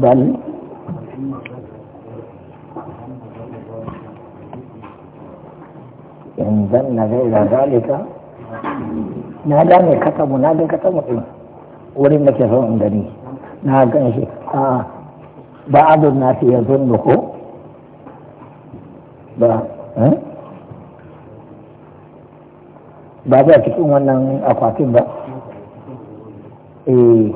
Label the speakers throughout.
Speaker 1: bal in zanna gaira zalika na gane katamu na ga katamu ɗin wurin da ke son in gani na gan shi a ba'adun na fiye zunnu ko ba eh ba za zai cikin wannan akwatin ba eh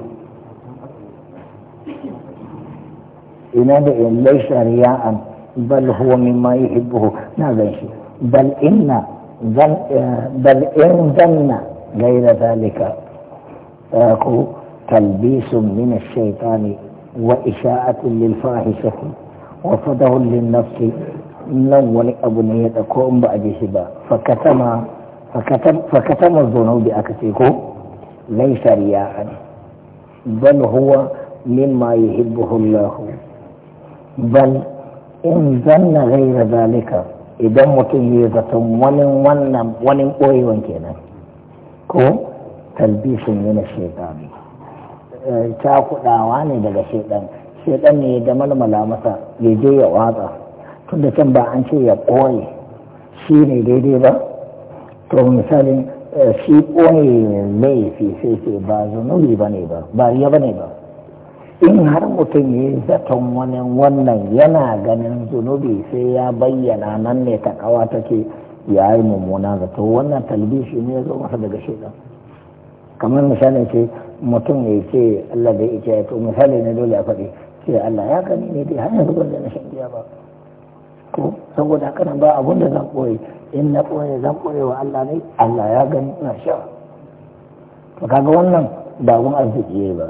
Speaker 1: ina da in laisa riya'an bal huwa mimma yuhibbuhu na zan shi bal inna bal in zanna gaira zalika ko talbisun min ash-shaytani wa isha'atun lil fahishati wa fadahun lin nafsi nan wani abu ne ya dako in ba a ji shi ba fakatama فكتم الذنوب أكتيكو ليس رياء بل هو مما يحبه الله بل إن ظن غير ذلك إذا متجيزة ولن ولن ولن قوي وكنا كو تلبيس من الشيطان تاكو ne daga الشيطان الشيطان يدام da يجي masa ya je ya watsa tunda دي ba an to misalin eh, shi ɓoye laifi sai ce ba zunubi ba ne ba ba ya ba ne ba in har mutum ya yi zaton wani wannan yana ganin zunubi sai ya bayyana nan ne ta kawa take ya yi mummuna zato wannan talbishi ne ya zo masa daga shaidan kamar misalin ce mutum ya ce Allah ya ce ya to misali ne dole ya faɗi ce Allah ya gani ne dai har yanzu ban da na shan giya ba ko saboda kana ba abun da zan koyi in na koyi zan koyi wa Allah ne Allah ya gani ina sha to kaga wannan ba gun arziki yayi ba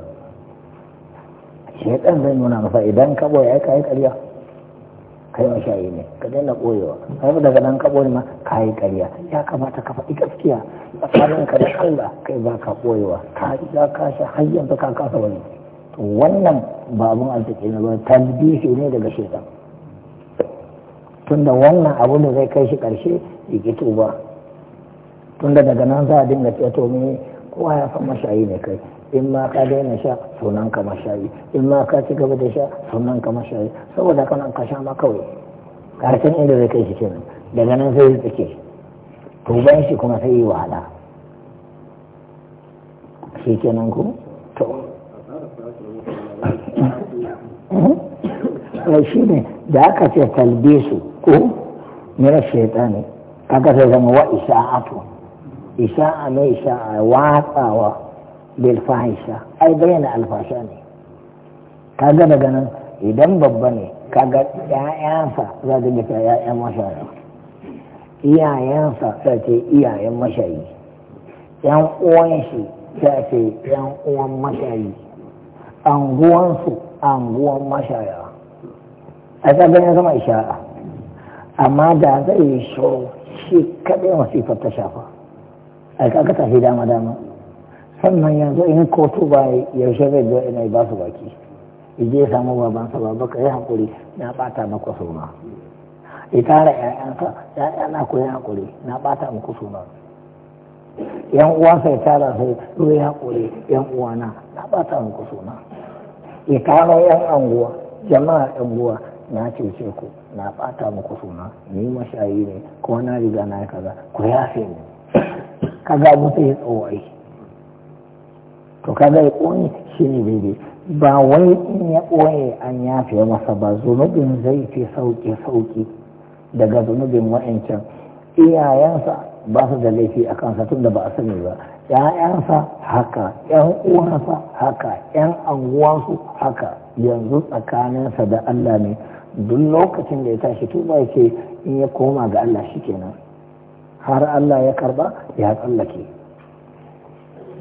Speaker 1: shaitan zai nuna masa idan ka boye ai kai kariya kai ma shayi ne ka daina koyewa kai daga nan ka boye ma kai kariya ya kamata ka faɗi gaskiya tsakanin ka da Allah kai ba ka koyewa ka ga ka sha har ka kasa wani to wannan babun arziki ne ba tasbihi ne daga shaitan tunda wannan abu da zai kai shi ƙarshe ya tuba tunda daga nan za a dinga ce to me kowa ya san mashayi ne kai in ma ka daina sha sunan ka mashayi in ma ka ci gaba da sha sunan ka mashayi saboda kana ka sha ma kawai karshen inda zai kai shi kenan daga nan sai ya tsike tuban shi kuma sai yi wahala shi kenan ku to eh, shi ne da aka ce talbisu ko mira ne aka ce zama wa isa ato? isha'atu isha'a ne a watsawa bil fahisha ai bayyana alfasha ne ga daga nan idan babba ne ka ga ƴaƴansa za ta ga ƴaƴan mashaya iyayensa ta ce iyayen mashayi ƴan uwan shi ta ce ƴan uwan mashayi anguwansu anguwan mashaya a sabon ya zama ishara amma da zai yi shuru shi kaɗai masifar ta shafa a kaga tafi dama dama sannan yanzu in kotu ba yaushe zai zo ina ba su baki ije ya samu babansa baka yi haƙuri na ɓata maka suna ya tara ‘ya'yansa ya'ya na ya haƙuri na ɓata maka suna yan uwansa ya tara sai ku hankuri haƙuri yan uwana na ɓata maka suna ya kano yan anguwa jama'a anguwa na cece ku na bata muku suna ni mashayi ne ko na riga na kaza ku yafe ni kaga ga sai ya tsawai to kaga ya koyi shi ne daidai ba wai in ya koye an yafe masa ba zunubin zai fi sauke sauki daga zunubin wa'ancan iyayensa ba su da laifi a kansa tun da ba a sani ba ‘ya'yansa haka ‘yan uwansa haka ‘yan anguwansu haka yanzu tsakaninsa da Allah ne duk lokacin da ya tashi tuba ya ce in ya koma ga Allah shi kenan har Allah ya karba ya tsallake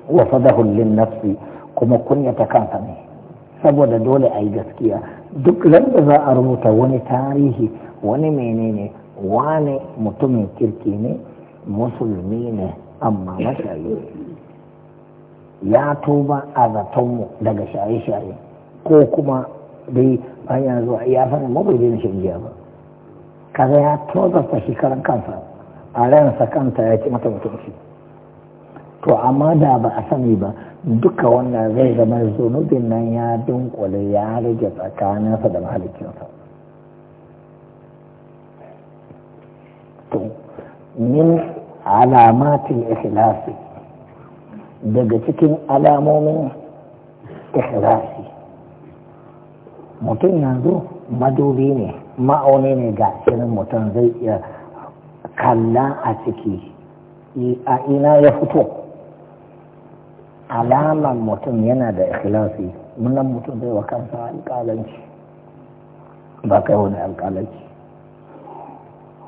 Speaker 1: wa fadahu lin nafsi kuma kunya ta kansa ne saboda dole a yi gaskiya duk da za a rubuta wani tarihi wani menene wani mutumin kirki ne musulmi ne amma mashayi ya tuba a mu daga shaye-shaye ko kuma dai bayan zuwa ya fara mabai da shan ba kaga ya tozarta shekaran kansa a ransa kanta ya ci mata mutunci to amma da ba a sani ba duka wannan zai zama zunubin nan ya dunkule ya rage tsakaninsa da mahalikinsa to min alamatin ikhlasi daga cikin alamomin ikhlasi mutum yanzu madubi ne ma'auni ne ga shirin mutum zai iya kalla a ciki a ina ya fito alaman mutum yana da ikhlasi munan mutum zai wa kansa alƙalanci ba kai wani alƙalanci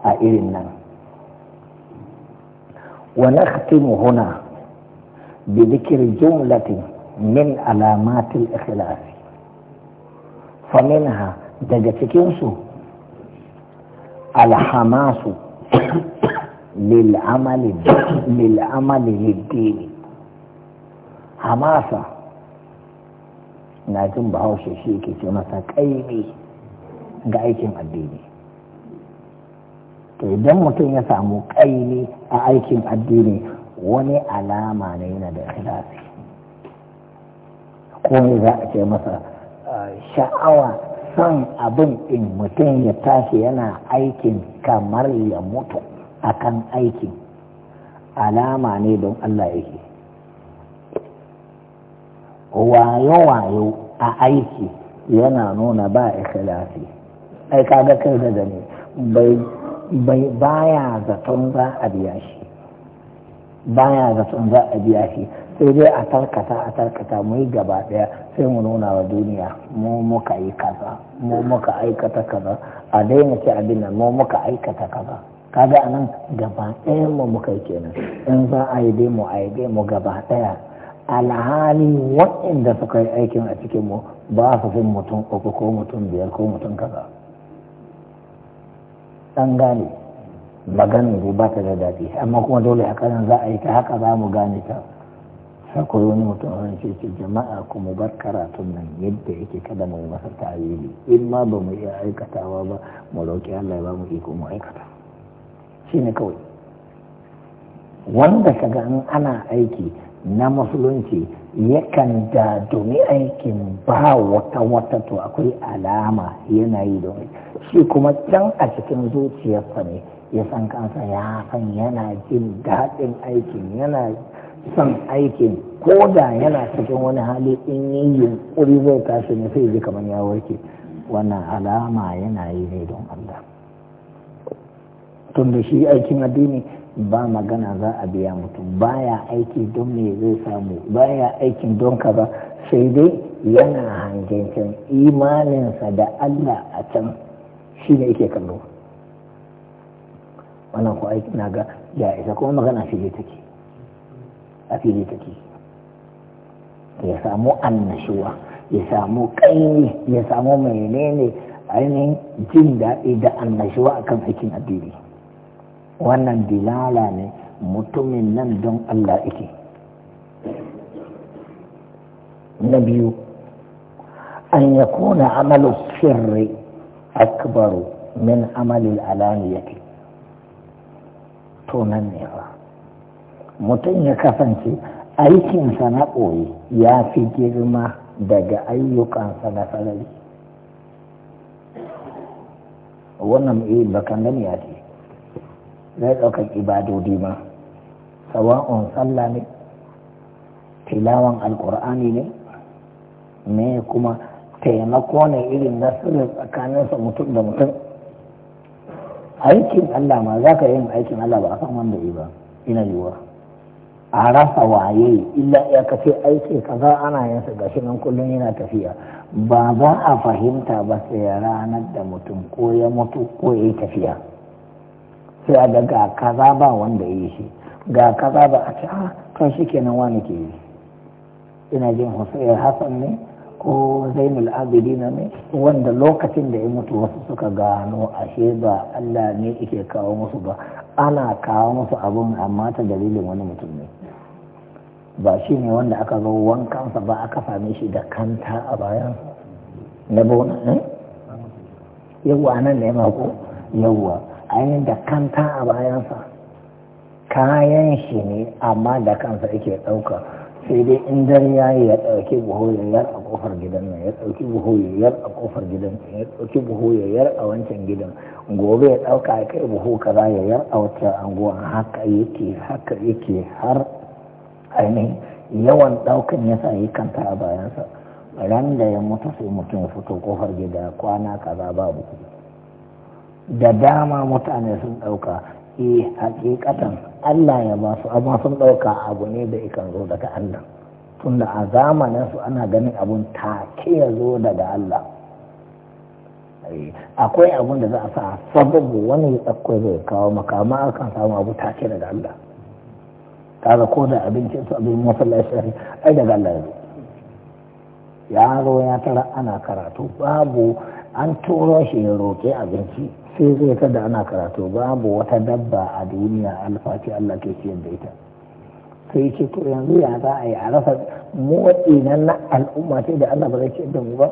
Speaker 1: a irin nan wani nakhtimu huna bi jumlatin min alamatin ikhlasi faminha daga cikinsu alhamasu lil'amali liddini hamasa na jin bahaushe shi ke ce masa kaimi ga aikin addini to idan mutum ya samu kaimi a aikin addini wani alama ne yana da ikhlasi ko ne za a ce masa sha'awa son abin in mutum ya tashi yana aikin kamar ya mutu akan aikin alama ne don Allah yake wayo-wayo a aiki yana nuna ba ikhlasi ai kaga kai da gani bai baya zaton za a biya shi baya zaton za a biya shi sai dai a tarkata a tarkata mu yi gaba ɗaya sai mu nuna wa duniya mu muka yi kaza mu muka aikata kaza a daina ce abin nan mu muka aikata kaza kaga a nan gaba daya mu muka yi kenan in za a yi dai mu a yi dai mu gaba daya alhali waɗanda suka yi aikin a cikin mu ba su fi mutum uku ko mutum biyar ko mutum kaza ɗan gane maganin ba ta da daɗi amma kuma dole a nan za a yi ta haka za mu gane ta akwai wani mutum wani ce ce jama'a kuma bar karatun nan yadda yake kada mu masa tawili in ma ba mu iya aikatawa ba mu roƙi Allah ya ba mu iko mu aikata shi ne kawai wanda kaga in ana aiki na musulunci yakan da domin aikin ba wata wata to akwai alama yana yi domin shi kuma can a cikin zuciyarsa ne ya san kansa ya san yana jin daɗin aikin yana son aikin ko da yana cikin wani hali in yi yunƙuri zai tashi ne sai ji kamar ya warke wannan alama yana yi ne don Allah tun da shi aikin addini ba magana za a biya mutum baya aiki don me zai samu baya aikin don ka ba sai dai yana hangen imaninsa da Allah a can shi ne yake kallo wannan ko aiki na ga ya isa kuma magana shi take a fili take ya samu annashuwa ya samu kaini ya samu menene ainihin jin daɗi da annashuwa akan aikin addini wannan dilala ne mutumin nan don Allah ake na biyu an ya kona amalu sirri akbaru min amalin alaniyati to nan ne fa mutum ya kasance aikinsa na ɓoye ya fi girma daga ayyukansa na sarari wannan iya eh, bakan gani ya ce zai ɗaukar ibadodi ma sawa'un sallah ne tilawan alkur'ani ne me kuma taimako ne irin nasirin tsakaninsa mutum da mutum aikin allah ma za ka yi aikin allah ba a san wanda yi ba ina yiwuwa a rasa waye illa ya kace aiki kaza ana yin sa gashi nan kullum yana tafiya ba za a fahimta ba sai ranar da mutum ko ya mutu ko ya tafiya sai a daga kaza ba wanda ya yi shi ga kaza ba a ce a ah, kan shi kenan wani ke yi ina jin hussein hassan ne ko zainul abidina ne wanda lokacin da ya mutu wasu suka gano ashe ba Allah ne yake kawo musu ba ana kawo musu abun amma ta dalilin wani mutum ne ba shi ne wanda aka zo wankansa ba aka same shi da kanta a bayan na bona ne eh? yawwa nan ne mako yawwa ainihin da kanta a bayansa kayan shi ne amma da kansa yake ɗauka sai dai in dare ya yi ya ɗauki buhu yayar a ƙofar gidan nan ya ɗauki buhu yar a ƙofar gidan ya ɗauki buhu yayar a wancan gidan gobe ya ɗauka ya kai buhu kaza yayar a wata anguwa haka yake haka yake har ainihin yawan ɗaukan ya sa yi kanta a bayansa ran da ya mutu sai mutum ya fito ƙofar gida kwana kaza babu da dama mutane sun ɗauka eh hakikatan Allah ya ba su amma sun ɗauka abu ne da ikan zo daga Allah tunda a zamanin su ana ganin abun take ya zo daga Allah eh, akwai abun da za a sa sababu wani ya ɗauko zai kawo maka amma akan samu abu take daga Allah kaga ko da abinci su abin masallaci ai daga Allah ya zo ya zo ya tara ana karatu babu an turo shi ya roƙe abinci sai zai ta da ana karatu babu wata dabba a duniya alfaci Allah ke ciyar da ita sai ce to yanzu ya za a yi a rasa motsi na na al'umma sai da Allah ba zai ciyar da mu ba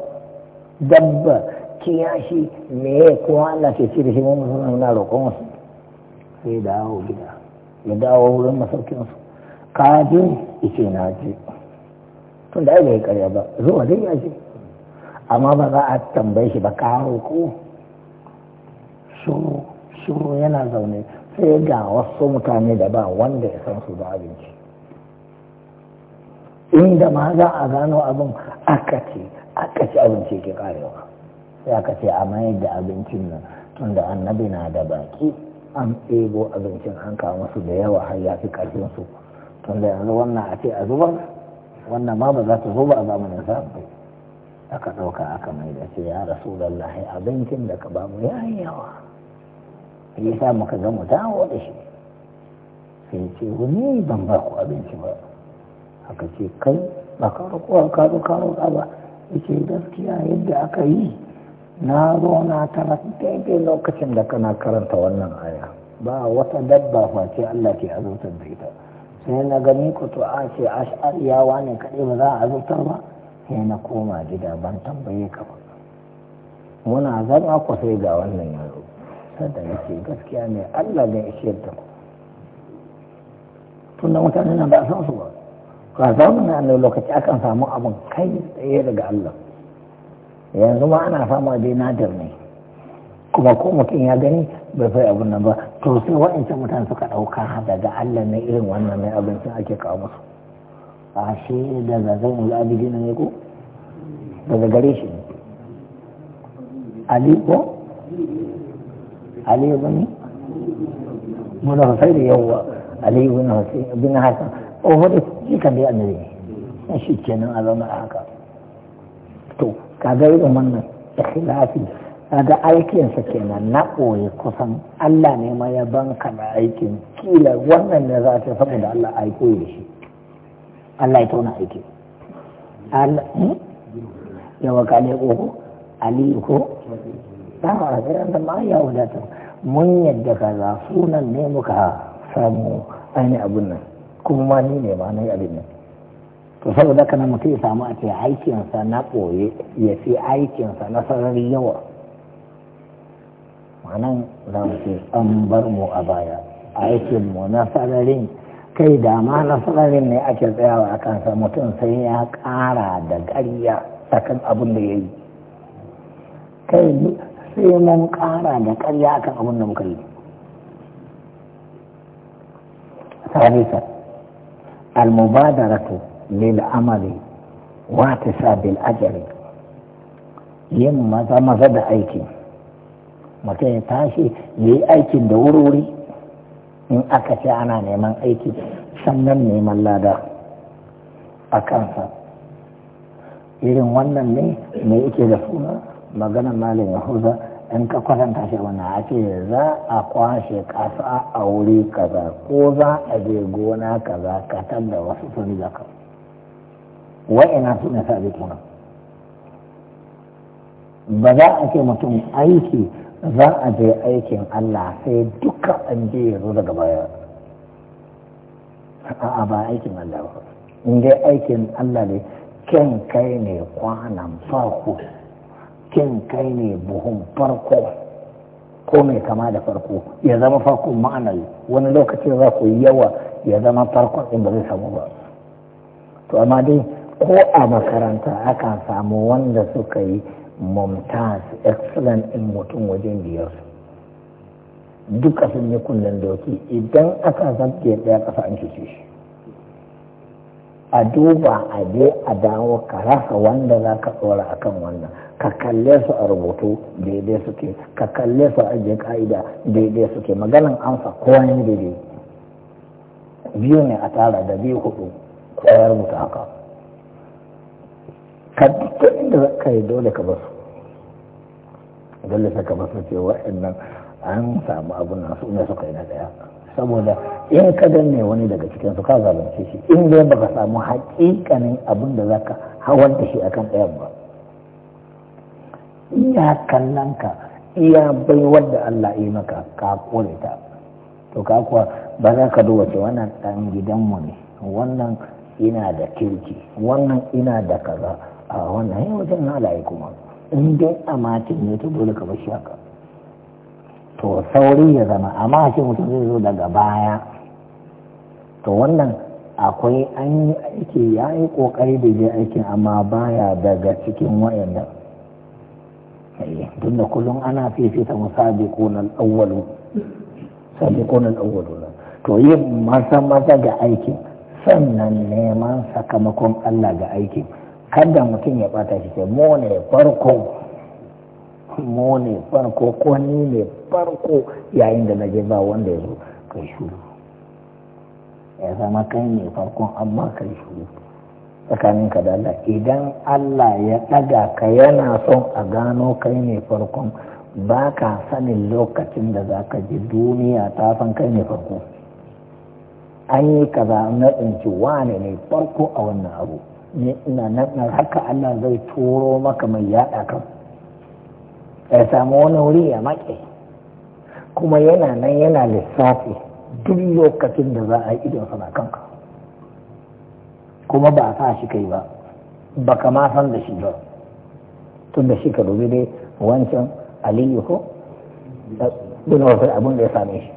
Speaker 1: dabba kiyashi me ko Allah ke ciyar da shi mu musulman na roƙon masu, sai dawo gida ya dawo wurin masaukin su kaji ice na ji, tun da ai bai karya ba zuwa dai ya amma ba za a tambaye shi ba karo ko shuru yana zaune sai ga wasu mutane da ba wanda ya san su da abinci inda ma za a gano abin aka ce aka ce abinci ke karewa sai aka ce a mayar da abincin nan tun da annabi na da baki an ɗebo abincin an kawo musu da yawa har ya fi ƙarfin su tun da yanzu wannan a ce a zubar wannan ma ba za ta zo ba a zamanin sa aka ɗauka aka mai da ce ya rasu lallahi abincin da ka ba mu ya yi yawa ya sa muka ga mu dawo da shi sai ce wani ban ba ku abinci ba aka ce kai ba ka roƙo ka zo ka roƙa ba ce gaskiya yadda aka yi na zo na tara daidai lokacin da kana karanta wannan aya ba wata dabba face Allah ke azurtar da ita sai na gani ku to a ce ash'ariyawa ne kaɗai ba za a azurtar ba sai na koma gida ban tambaye ka ba muna zan ku sai ga wannan yaro sadda na ce gaskiya ne allah da ya da ku tunda mutane na ba san su ba ka zama na lokaci akan samu abin kai tsaye daga allah yanzu ma ana fama dai nadir ne kuma ko mutum ya gani bai fai abin nan ba to sai wa'ancan mutane suka ɗauka daga Allah na irin wannan mai abincin ake kawo musu a shi da zazen yanzu abidi ne ko daga gare shi ali ko ali ibn mun husayn yawa ali ibn husayn ibn hasan o wani shi kan dai annabi ne shi kenan a zama haka to kaga irin wannan ikhlasi kaga aikinsa kenan na ɓoye kusan Allah ne ma ya banka da aikin kila wannan ne za ta saboda Allah a yi shi Allah ya tauna aiki hmm? yawa kale ko aliyu ko ta fara sai da ma ya wadata mun yadda kaza sunan ne muka samu aini abin nan kuma ma ni ne ma na abin nan to saboda kana mutum samu a ce aikinsa na ɓoye ya fi aikinsa na sarari yawa ma'anan za mu ce an bar mu a baya aikinmu na sararin kai da ma na sararin ne ake tsayawa a kansa mutum sai ya ƙara da ƙarya kan abin da ya yi kai sai mun kara da karya akan abin da muka yi ثالثا المبادرة للعمل واحتساب ajiyar yin maza maza da aiki mutum ya tashi ya yi aikin da wuri in aka ce ana neman aiki sannan neman lada a kansa irin wannan ne me yake da suna maganar malin yahuza in ka kwatanta shi wani a ce za a kwashe kasa a wuri kaza ko za a je gona kaza katar da wasu sun zaka wa'ina su ne sabi tunan ba za a ce mutum aiki za a je aikin Allah sai duka an je ya daga baya a'a ba aikin Allah ba in dai aikin Allah ne kyan kai ne kwanan farko kyan kai ne buhun farko ko mai kama da farko ya zama farko ma'anar wani lokacin za ku yawa ya zama farkon in ba zai samu ba to amma dai ko a makaranta aka samu wanda suka yi mumtaz excellent in mutum wajen biyar duka sun yi kunnen doki idan aka zabke ɗaya ƙasa an cuce shi a duba a je a dawo ka rasa wanda za ka tsora a kan wannan ka kalle su a rubutu daidai suke ka kalle su a ajiye ka'ida daidai suke maganan amsa kowane daidai biyu ne a tara da biyu hudu koyar rubuta haka ka duk inda za ka yi dole ka basu dole sai ka basu cewa wa'annan an samu abun nan su ne suka yi na daya saboda in ka danne wani daga cikin su ka zalunce shi in dai baka samu haƙiƙanin abin da za ka hawan da shi akan ɗayan ba iya kallon ka iya bai da Allah yi maka ka kore ta to ka kuwa ba za ka duba ce wannan ɗan gidanmu ne wannan ina da kirki wannan ina da kaza a wannan yi wajen halaye kuma in dai matin ne ta dole ka bashi haka to sauri ya zama amma shi mutum zai zo daga baya to wannan akwai an yi aiki ya yi kokari da je aikin amma baya daga cikin wayanda. Eh, tun kullum ana fifita musabiqunal awwalu sabiqunal awwalu to yin masa maza ga aikin sannan neman sakamakon Allah ga aikin kada mutum ya bata shi ce mu farko mu ne farko ko ni ne farko yayin da na je ba wanda ya zo kai shuru ya zama kai ne farkon amma kai shuru ka da Allah idan Allah ya ɗaga ka yana son a gano kai ne farkon ba ka sanin lokacin da za ka ji duniya ta san kai ne farko an yi kaza na tsinci wane ne farko a wannan abu ne ina nan haka Allah zai turo maka mai yaɗa kan ya samu wani wuri ya maƙe kuma yana nan yana lissafi duk lokacin da za a yi idon sana kanka kuma ba sa shi kai ba ba ka ma san da shi ba tun da shi ka dubi dai wancan aliyu ko bin wasu abin da ya same shi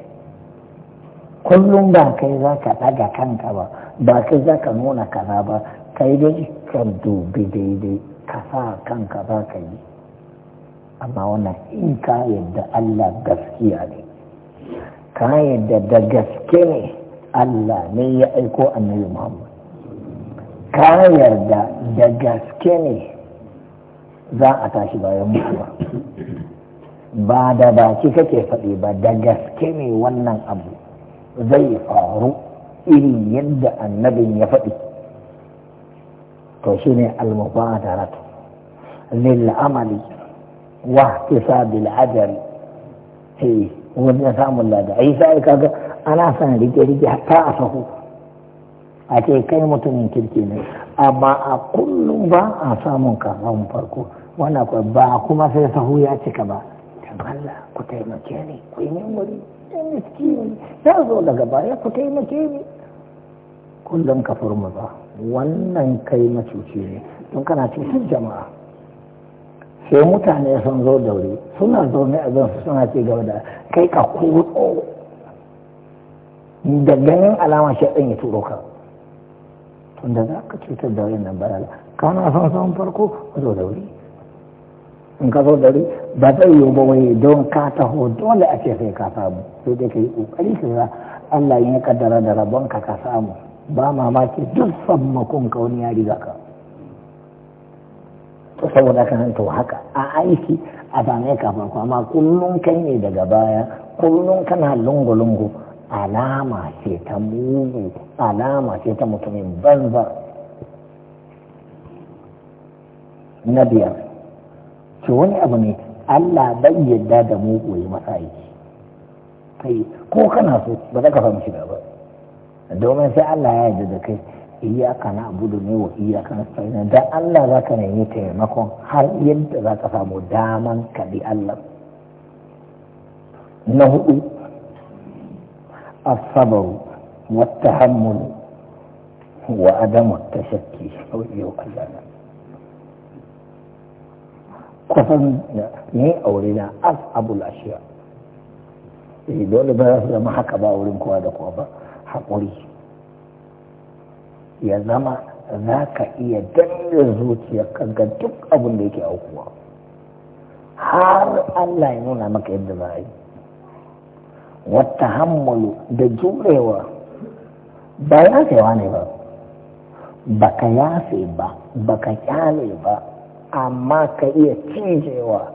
Speaker 1: kullum ba kai za ka ɗaga kanka ba ba kai za ka nuna kaza ba kai dai ka dubi daidai ka sa kanka za ka yi amma wannan in ka yadda Allah gaskiya ne ka yadda da gaske ne Allah ne ya aiko annabi Muhammad ka yarda da gaske ne za a tashi bayan mutuwa ba da baki kake faɗi ba da gaske ne wannan abu zai faru iri yadda annabin ya faɗi to shi ne almubadaratu lil amali Wa واحتساب العجل E wajen samun lada ai sai kaga ana son rige rike hatta a sahu a kai mutumin kirki ne amma a kullum ba a samun kafin farko wannan kuwa ba kuma sai sahu ya cika ba dan Allah ku taimake ni ku yi min wuri dan miskini ya zo daga baya ku taimake ni kullum ka furmu ba wannan kai macuci ne tun kana cikin jama'a sai mutane sun zo da wuri suna ne a zan suna ce gaba da kai ka kutso da ganin alama ɗan ya turo ka tunda za ka cutar da wani nan barala kana son son farko zo da wuri in ka zo da wuri ba zai yi ba wai don ka taho dole a ce sai ka samu sai dai ka yi ƙoƙari ka za Allah ya kaddara da rabon ka ka samu ba mamaki duk sammakon ka wani ya riga ka to saboda ka to haka a aiki a same ka farko amma kullum kai ne daga baya kullum kana lungu-lungu alama ce ta mugu alama ce ta mutumin banza na biyar ce wani abu ne Allah bai yadda da mugu ya masa aiki kai ko kana so ba za ka fahimci ba domin sai Allah ya yarda da kai iyaka na abudu ne wa iyaka na sa'ina da Allah za ka nemi taimakon har yadda za ka samu daman ka bi Allah na hudu asabaru wata hammul wa adamu ta shakki yau Allah kusan ne aure na as abul ashiya dole ba za su zama haka ba wurin kowa da kowa ba haƙuri ya zama za ka iya danne zuciya ga duk abin da yake aukuwa har Allah ya nuna maka yadda za a yi wata hammalu da jurewa ba ya sewa ne ba ka yafe ba baka kyale ba amma ka iya cinjewa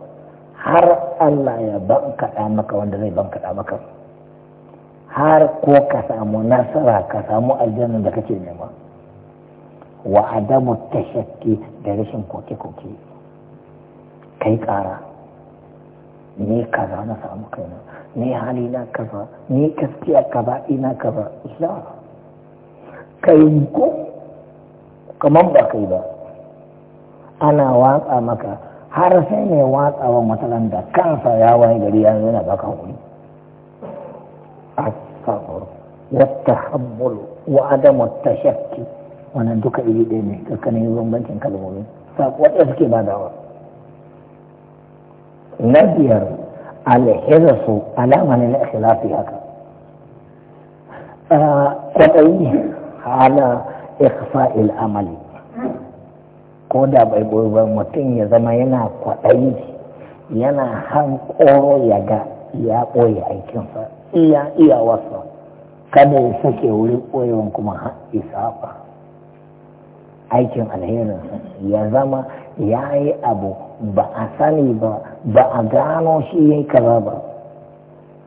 Speaker 1: har Allah ya bankaɗa maka wanda zai bankaɗa maka har ko ka samu nasara ka samu aljanna da kake nema wa adamu tashakki da rashin koke-koke kai kara ne kaza na samu kaina ne hali na kaza ne gaskiya kaza ina kaza islam kai ko kamar ba kai ba ana watsa maka har sai ne watsa wa matsalan da kansa ya waye gari ya yana baka hukuri asabar wata habbul wa adamu tashakki wannan duka iri ɗaya ne yin bambancin kalmomi saƙo ɗaya suke badawa na biyar alhirsu alama ne na ikhilafi haka ah, kwaɗayi hala ikhfa amali ko da bai goyi ba mutum ya zama yana kwaɗayi yana hankoro ya ga ya ɓoye aikinsa iya iya kada ya sake wurin ɓoyewan kuma isa ba aikin alherin ya zama ya yi abu ba a sani ba ba a gano shi ya yi kaza ba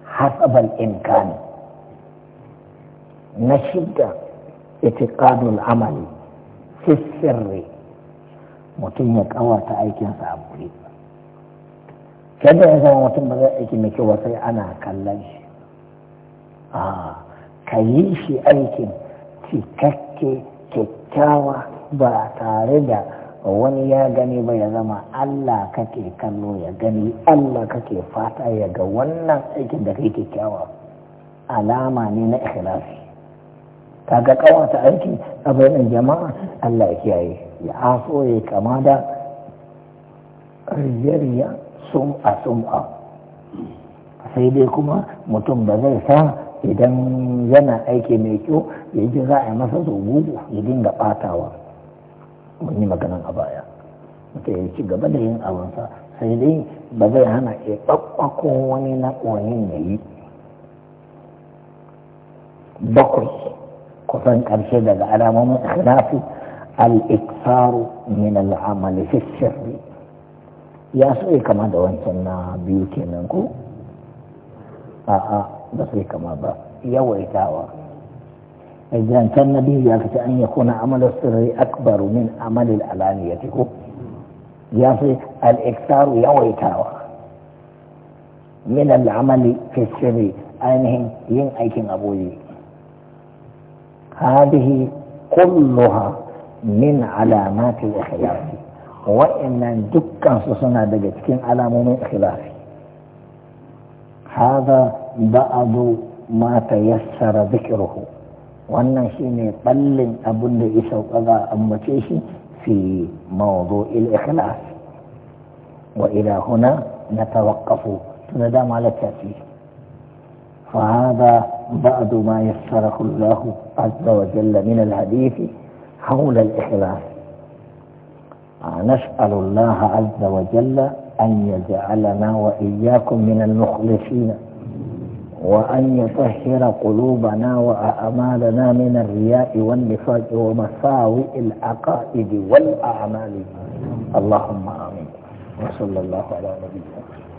Speaker 1: hasabal imkani na shidda itiqadul amali fi mutum ya kawata aikinsa a buri kada ya zama mutum ba zai aiki mai kyau sai ana kallon shi a ka yi shi aikin cikakke kyakkyawa ba tare da wani ya gani ba ya zama Allah kake kallo ya gani Allah kake fata ya ga wannan aikin da kai kyakkyawa alama ne na ikhlasi kaga kawata aiki a bayan jama'a Allah ya kiyaye ya aso ya kama da a sum'a sum'a sai dai kuma mutum ba zai sa idan yana aiki mai kyau ya ji za a yi masa zogugu ya dinga batawa mun yi maganan a baya mutum ya ci gaba da yin abinsa sai dai ba zai hana ya ɓaɓɓakon wani na wani ya yi bakwai kusan ƙarshe daga alamomin khilafi al-iksaru min al-amali fi sirri ya so ya kama da wancan na biyu kenan ko a'a ba sai kama ba yawaitawa إذا كان النبي يكفي أن يكون عمل السر أكبر من عمل الألانية يصل يعني الإكثار يويتاوى من العمل في السر أنهم ين أيكن أبوي هذه كلها من علامات الإخلاص وإن دكا سسنا دقتكين على من إخلاص هذا بعض ما تيسر ذكره wannan shine ballin abin da ya sauka za a ambace shi في موضوع الإخلاص وإلى هنا نتوقف تندام على التأثير فهذا بعض ما يسره الله عز وجل من الحديث حول الإخلاص نسأل الله عز وجل أن يجعلنا وإياكم من المخلصين وأن يطهر قلوبنا وأعمالنا من الرياء والنفاق ومساوئ العقائد والأعمال اللهم آمين وصلى الله على نبينا